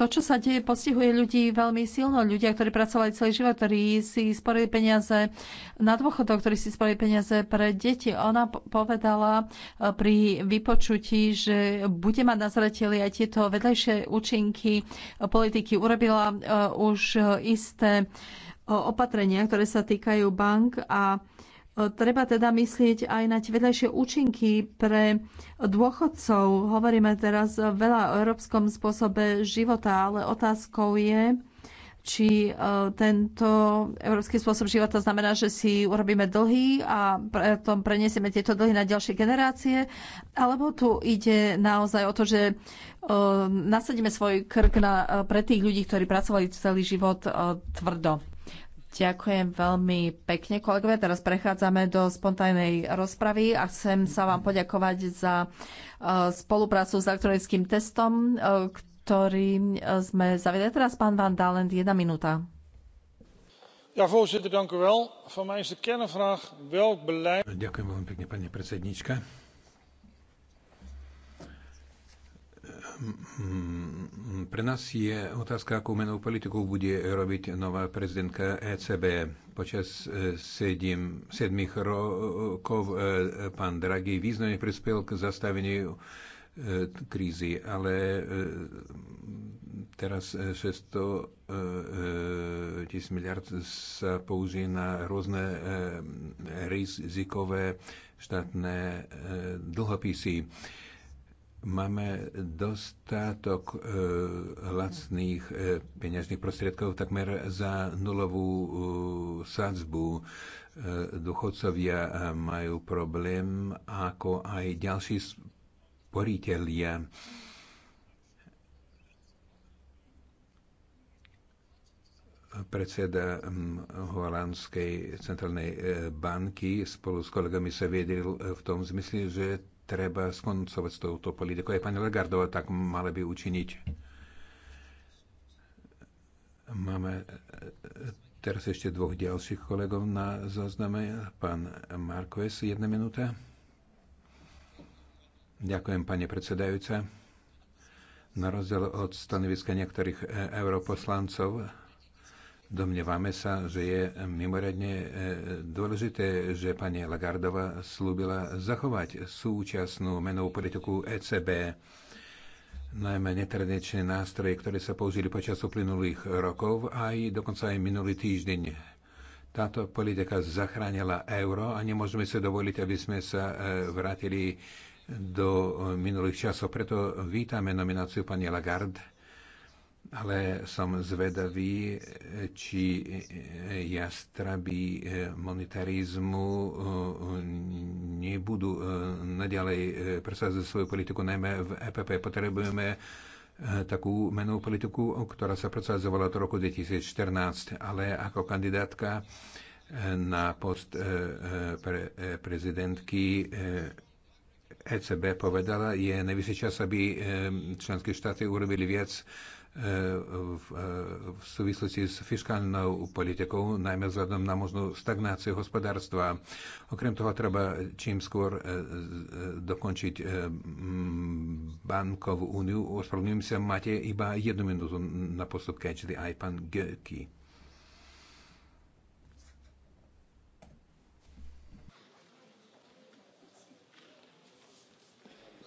to, čo sa deje, postihuje ľudí veľmi silno. Ľudia, ktorí pracovali celý život, ktorí si sporili peniaze na dôchodok, ktorí si sporili peniaze pre deti. Ona povedala e, pri vypočutí, že bude mať na zreteli aj tieto vedľajšie účinky politiky. Urobila e, už e, isté opatrenia, ktoré sa týkajú bank a E, treba teda myslieť aj na tie vedľajšie účinky pre dôchodcov. Hovoríme teraz veľa o európskom spôsobe života, ale otázkou je, či e, tento európsky spôsob života znamená, že si urobíme dlhy a potom preniesieme tieto dlhy na ďalšie generácie, alebo tu ide naozaj o to, že e, nasadíme svoj krk na, pre tých ľudí, ktorí pracovali celý život tvrdo. Ďakujem veľmi pekne, kolegovia. Teraz prechádzame do spontánnej rozpravy a chcem sa vám poďakovať za e, spoluprácu s elektronickým testom, e, ktorý e, sme zavedli. Teraz pán Van Dalen, jedna minúta. Ja, voorzitter, dank u wel. Van mij is de kernvraag welk beleid... Ďakujem veľmi pekne, pani predsednička Mm, pre nás je otázka, akú menovú politiku bude robiť nová prezidentka ECB. Počas e, sedm, sedmých rokov e, pán Draghi významne prispel k zastaveniu e, krízy, ale teraz 600 tisíc miliard sa použije na rôzne rizikové štátne dlhopisy máme dostatok e, lacných e, peňažných prostriedkov takmer za nulovú e, sadzbu. E, dôchodcovia e, majú problém, ako aj ďalší sporiteľia. predseda holandskej centrálnej e, banky spolu s kolegami sa viedil v tom zmysle, že treba skoncovať s touto politikou. Aj pani Legardová tak mala by učiniť. Máme eh, teraz ešte dvoch ďalších kolegov na zozname. Pán Marques, jedna minúta. Ďakujem, pani predsedajúca. Na rozdiel od stanoviska niektorých eh, europoslancov Domnievame sa, že je mimoriadne e, dôležité, že pani Lagardova slúbila zachovať súčasnú menovú politiku ECB, najmä netradičné nástroje, ktoré sa použili počas uplynulých rokov, aj dokonca aj minulý týždeň. Táto politika zachránila euro a nemôžeme sa dovoliť, aby sme sa e, vrátili do minulých časov. Preto vítame nomináciu pani Lagarde ale som zvedavý, či jastraby eh, monetarizmu eh, nebudú eh, nadalej presadzovať svoju politiku, najmä v EPP. Potrebujeme takú menú politiku, ktorá sa presadzovala od roku 2014, ale ako kandidátka na post pre prezidentky ECB e povedala, je najvyšší čas, aby členské štáty urobili viac Eh, v súvislosti s fiskálnou politikou, najmä vzhľadom na možnú stagnáciu hospodárstva. Okrem toho treba čím skôr eh, dokončiť eh, bankovú úniu. Ospravedlňujem sa, máte iba jednu minútu na postup catch aj pán Göky.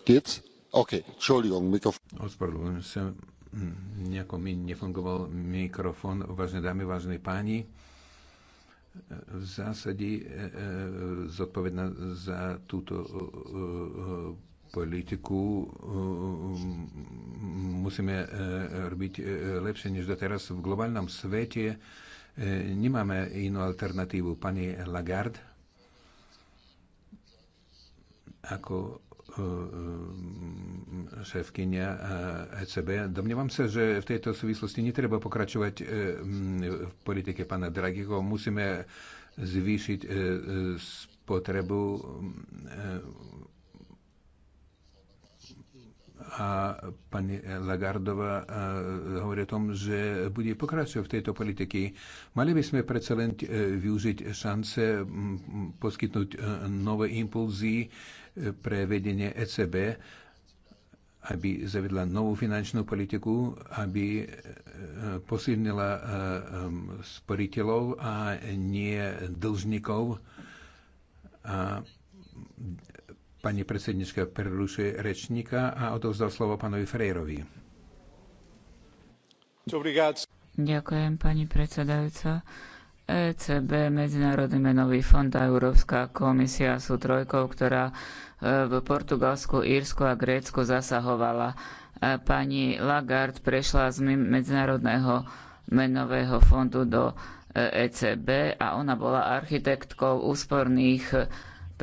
Geht's? Okay, Entschuldigung, Mikrofon. Ospravedlňujem sa, Hm, nejako mi nefungoval mikrofón. Vážne dámy, vážne páni, v zásade e, zodpovedná za túto e, e, politiku musíme robiť lepšie než doteraz. V globálnom svete nemáme inú alternatívu. Pani Lagarde, ako Eh, šéfkynia ECB. Eh, e Domnievam sa, že v tejto súvislosti netreba pokračovať eh, mm, v politike pána Dragiho. Musíme zvýšiť spotrebu mm, a pani Lagardová e, hovorí o tom, že bude pokračovať v tejto politike. Mali by sme predsa len e, využiť šance poskytnúť e, nové impulzy pre vedenie ECB, aby zavedla novú finančnú politiku, aby posilnila sporiteľov a nie dlžníkov a Pani predsednička prerušuje rečníka a odovzdal slovo pánovi Frejrovi. Ďakujem, pani predsedajúca. ECB, Medzinárodný menový fond a Európska komisia sú trojkou, ktorá e, v Portugalsku, Írsku a Grécku zasahovala. E, pani Lagarde prešla z Medzinárodného menového fondu do ECB e a ona bola architektkou úsporných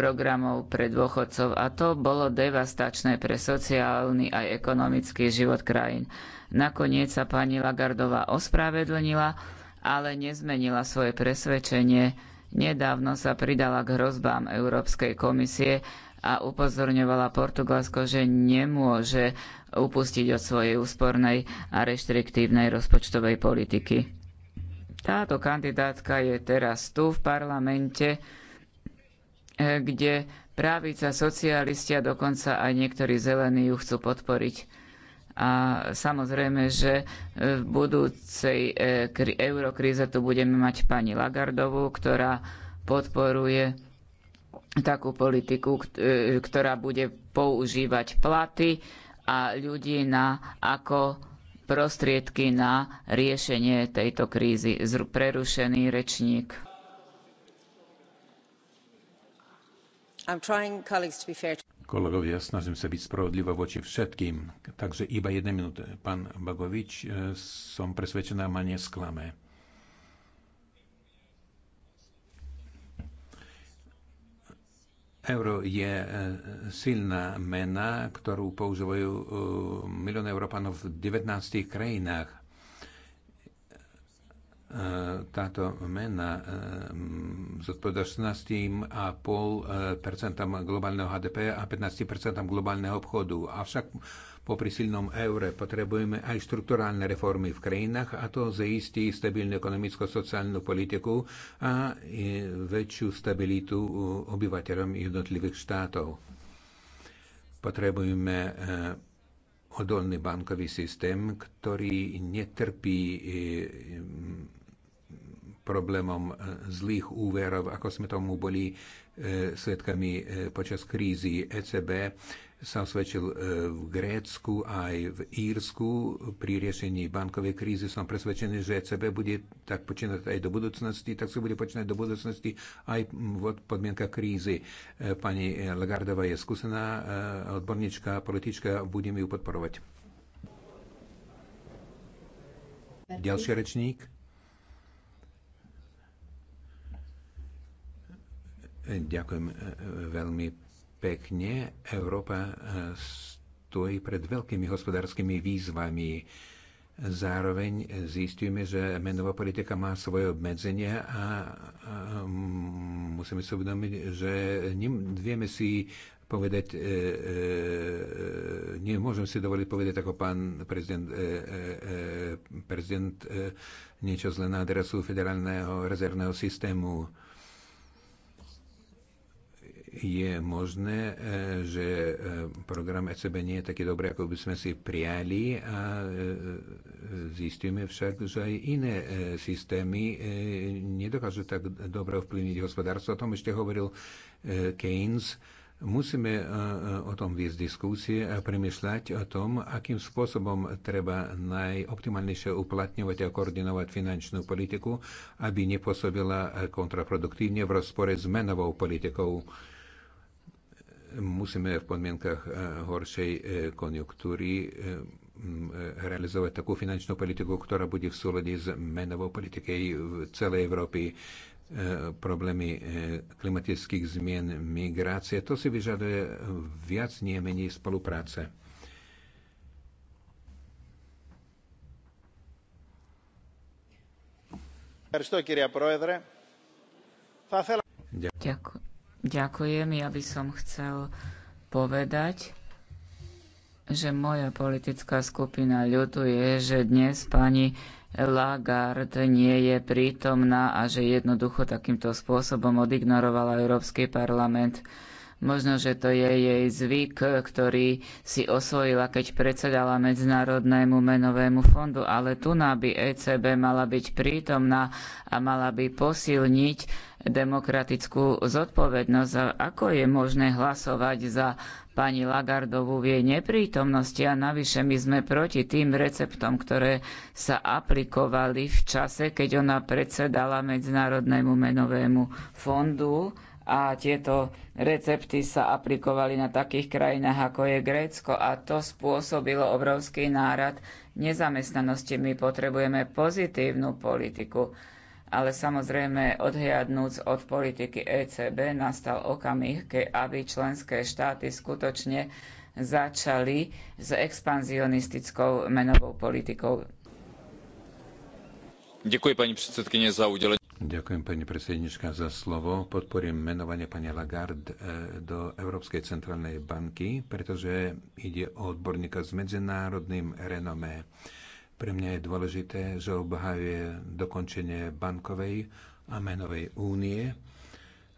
programov pre dôchodcov a to bolo devastačné pre sociálny aj ekonomický život krajín. Nakoniec sa pani Lagardová ospravedlnila, ale nezmenila svoje presvedčenie. Nedávno sa pridala k hrozbám Európskej komisie a upozorňovala Portugalsko, že nemôže upustiť od svojej úspornej a reštriktívnej rozpočtovej politiky. Táto kandidátka je teraz tu v parlamente E, kde právica, socialisti a dokonca aj niektorí zelení ju chcú podporiť. A samozrejme, že e, v budúcej e, eurokríze tu budeme mať pani Lagardovú, ktorá podporuje takú politiku, ktorá bude používať platy a ľudí na, ako prostriedky na riešenie tejto krízy. Prerušený rečník. Kolegovia, snažím sa byť spravodlivo voči všetkým, takže iba jedna minúta. Pán Bagovič, e, som presvedčená, ma nesklame. Euro je e, silná mena, ktorú používajú e, milión Európanov v 19 krajinách E, táto mena e, zodpoveda 16,5 globálneho HDP a 15 globálneho obchodu. Avšak po silnom eure potrebujeme aj štrukturálne reformy v krajinách a to zaistí stabilnú ekonomicko-sociálnu politiku a väčšiu stabilitu obyvateľom jednotlivých štátov. Potrebujeme e, odolný bankový systém, ktorý netrpí problémom e, zlých úverov, ako sme tomu boli e, svetkami e, počas krízy ECB, sa osvedčil v Grécku aj v Írsku. Pri riešení bankovej krízy som presvedčený, že ECB bude tak počínať aj do budúcnosti, tak sa bude počínať do budúcnosti aj v podmienkach krízy. Pani Lagardová je skúsená odborníčka, politička, budeme ju podporovať. Ďalší rečník. Ďakujem e, e, veľmi pekne. Európa e, stojí pred veľkými hospodárskymi výzvami. Zároveň zistíme, že menová politika má svoje obmedzenia a musíme si uvedomiť, že vieme si povedať, e, e, nemôžem si dovoliť povedať ako pán prezident, e, e, prezident e, niečo zle na adresu federálneho rezervného systému. E, je možné, e, že e, program ECB nie je taký dobrý, ako by sme si prijali a e, zistíme však, že aj iné systémy nedokážu tak dobre ovplyvniť hospodárstvo. O tom ešte hovoril Keynes. Musíme o tom viesť diskusie a premyšľať o tom, akým spôsobom treba najoptimálnejšie uplatňovať a koordinovať finančnú politiku, aby nepôsobila kontraproduktívne v rozpore s menovou politikou musíme v podmienkach eh, horšej eh, konjunktúry eh, realizovať takú finančnú politiku, ktorá bude v súlade s menovou politikou v celej Európy problémy klimatických zmien, migrácie. To si vyžaduje viac, nie menej spolupráce. Ďakujem. Ďakujem. Ja by som chcel povedať, že moja politická skupina ľutuje, že dnes pani Lagarde nie je prítomná a že jednoducho takýmto spôsobom odignorovala Európsky parlament. Možno, že to je jej zvyk, ktorý si osvojila, keď predsedala Medzinárodnému menovému fondu, ale tu na by ECB mala byť prítomná a mala by posilniť demokratickú zodpovednosť. Ako je možné hlasovať za pani Lagardovú v jej neprítomnosti a navyše my sme proti tým receptom, ktoré sa aplikovali v čase, keď ona predsedala Medzinárodnému menovému fondu a tieto recepty sa aplikovali na takých krajinách, ako je Grécko a to spôsobilo obrovský nárad nezamestnanosti. My potrebujeme pozitívnu politiku, ale samozrejme odhiadnúc od politiky ECB nastal okamih, keď aby členské štáty skutočne začali s expanzionistickou menovou politikou. Ďakujem pani predsedkyne za udelenie Ďakujem pani predsednička za slovo. Podporím menovanie pani Lagarde eh, do Európskej centrálnej banky, pretože ide o odborníka s medzinárodným renomé. Pre mňa je dôležité, že obhajuje dokončenie bankovej a menovej únie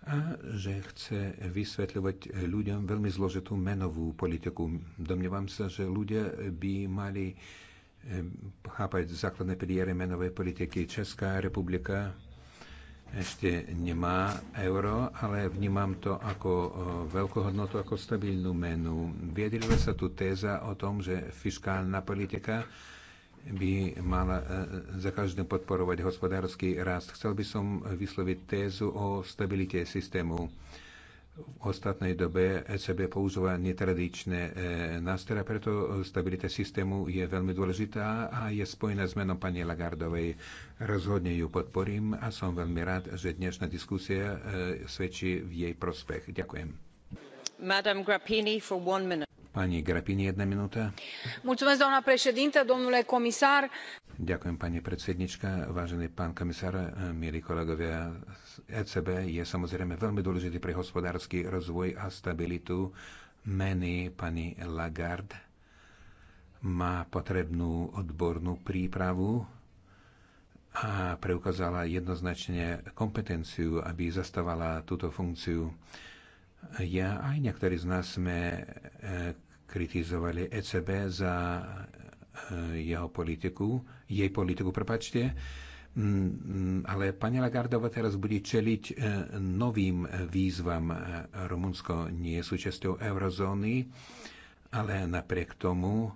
a že chce vysvetľovať ľuďom veľmi zložitú menovú politiku. Domnievam sa, že ľudia by mali eh, chápať základné piliere menovej politiky. Česká republika ešte nemá euro, ale vnímam to ako e, veľkú hodnotu, ako stabilnú menu. Viedrila sa tu téza o tom, že fiskálna politika by mala e, za každým podporovať hospodársky rast. Chcel by som vysloviť tézu o stabilite systému v ostatnej dobe ECB používa netradičné e, nástroje, preto stabilita systému je veľmi dôležitá a je spojená s menom pani Lagardovej. Rozhodne ju podporím a som veľmi rád, že dnešná diskusia e, svedčí v jej prospech. Ďakujem. Madame Grappini for one minute. Pani Grapini, jedna minúta. Mulțumesc, doamna președintă, domnule comisar. Ďakujem, pani predsednička, vážený pán komisár, milí kolegovia. ECB je samozrejme veľmi dôležitý pre hospodársky rozvoj a stabilitu meny pani Lagarde má potrebnú odbornú prípravu a preukázala jednoznačne kompetenciu, aby zastávala túto funkciu. Ja aj niektorí z nás sme e, kritizovali ECB za e, jeho politiku, jej politiku, prepačte. Mm, mm, ale pani Lagardova teraz bude čeliť e, novým výzvam. Rumunsko nie je súčasťou eurozóny, ale napriek tomu,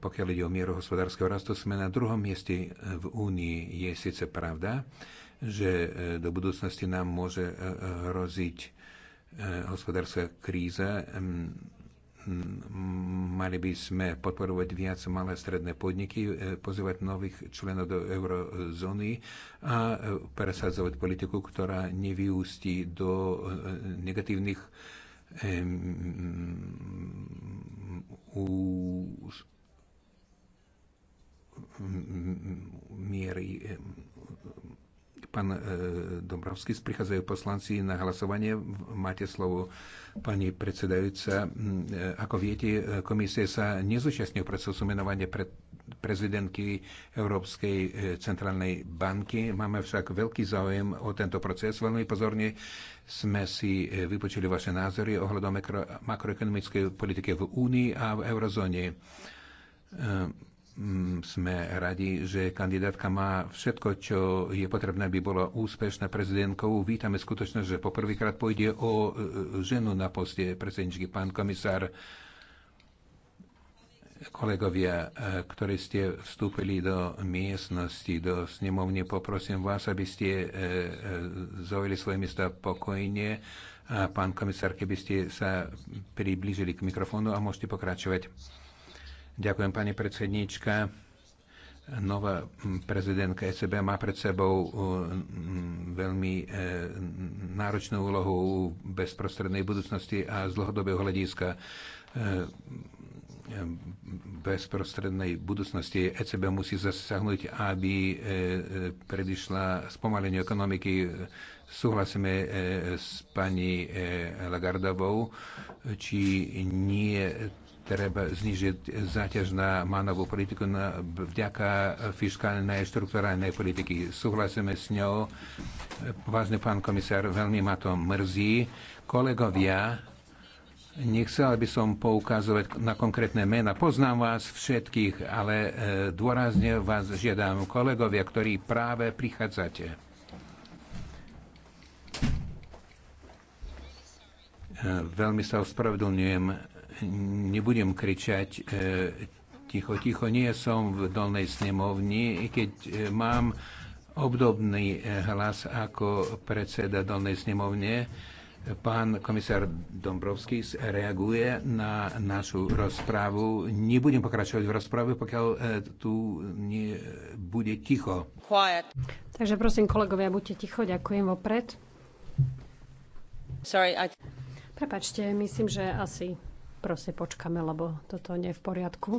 pokiaľ ide o mieru hospodárskeho rastu, sme na druhom mieste v Únii. Je síce pravda, že e, do budúcnosti nám môže e, e, hroziť hospodárska kríza. Mali by sme podporovať viac malé stredné podniky, pozývať nových členov do eurozóny a presadzovať politiku, ktorá nevyústi do negatívnych miery Pán e, Dombrovský, prichádzajú poslanci na hlasovanie. Máte slovo, pani predsedajúca. E, ako viete, komisie sa nezúčastňujú procesu menovania pre prezidentky Európskej e, centrálnej banky. Máme však veľký záujem o tento proces. Veľmi pozorne sme si vypočuli vaše názory ohľadom makroekonomickej politiky v Únii a v eurozóne Mm, sme radi, že kandidátka má všetko, čo je potrebné, aby bola úspešná prezidentkou. Vítame skutočne, že poprvýkrát pôjde o e, e, ženu na poste predsedničky. Pán komisár, kolegovia, e, ktorí ste vstúpili do miestnosti, do snemovne, poprosím vás, aby ste zaujali svoje miesta pokojne. A pán komisár, keby ste sa priblížili k mikrofónu a môžete pokračovať. Ďakujem, pani predsedníčka. Nová prezidentka ECB má pred sebou uh, mm, veľmi uh, náročnú úlohu bezprostrednej budúcnosti a z dlhodobého hľadiska uh, bezprostrednej budúcnosti ECB musí zasiahnuť, aby predišla spomaleniu ekonomiky. Súhlasíme s pani Lagardovou, či nie treba znižiť záťaž na manovú politiku na, vďaka fiskálnej štruktúrálnej politiky. Súhlasíme s ňou. Vážne pán komisár, veľmi ma to mrzí. Kolegovia, nechcel by som poukazovať na konkrétne mena. Poznám vás všetkých, ale e, dôrazne vás žiadam, kolegovia, ktorí práve prichádzate. E, veľmi sa ospravedlňujem nebudem kričať e, ticho, ticho, nie som v dolnej snemovni, keď e, mám obdobný e, hlas ako predseda dolnej snemovne. Pán komisár Dombrovský reaguje na našu rozprávu. Nebudem pokračovať v rozprave, pokiaľ e, tu nie bude ticho. Quiet. Takže prosím, kolegovia, buďte ticho. Ďakujem vopred. Sorry, I... Prepačte, myslím, že asi proste počkame, lebo toto nie je v poriadku.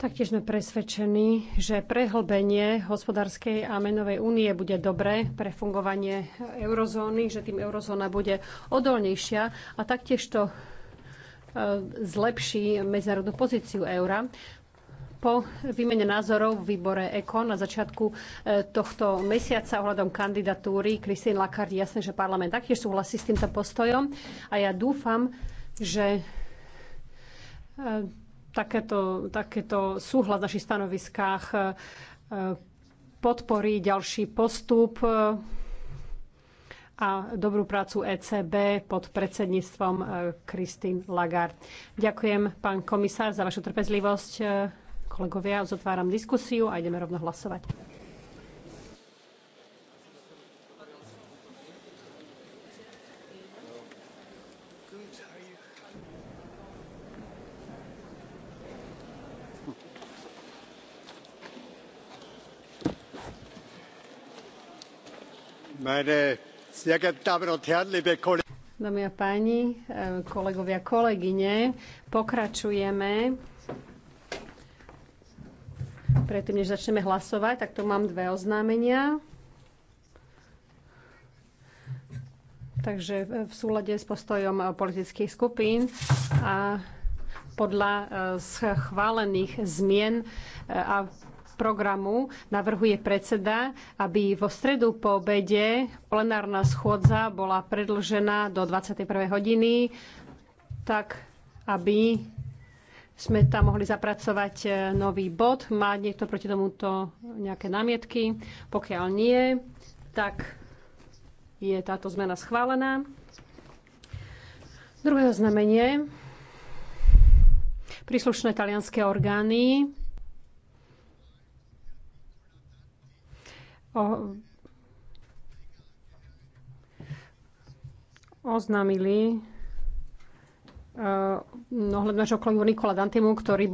Taktiež sme presvedčení, že prehlbenie hospodárskej a menovej únie bude dobré pre fungovanie eurozóny, že tým eurozóna bude odolnejšia a taktiež to e, zlepší medzinárodnú pozíciu eura. Po výmene názorov v výbore ECO na začiatku e, tohto mesiaca ohľadom kandidatúry Christine Lagarde jasne, že parlament taktiež súhlasí s týmto postojom a ja dúfam, že e, takéto, takéto súhlas v našich stanoviskách e, podporí ďalší postup e, a dobrú prácu ECB pod predsedníctvom Christine Lagarde. Ďakujem, pán komisár, za vašu trpezlivosť. Kolegovia, Zotváram diskusiu a ideme rovno hlasovať. Dámy a páni, e, kolegovia, kolegyne, pokračujeme. Predtým, než začneme hlasovať, tak tu mám dve oznámenia. Takže v súlade s postojom politických skupín a podľa e, schválených zmien e, a programu navrhuje predseda, aby vo stredu po obede plenárna schôdza bola predlžená do 21. hodiny, tak aby sme tam mohli zapracovať e, nový bod. Má niekto proti tomuto nejaké námietky? Pokiaľ nie, tak je táto zmena schválená. Druhé znamenie. Príslušné talianské orgány oznámili e, ohľadom našho kolegu Nikola Dantimu, ktorý bol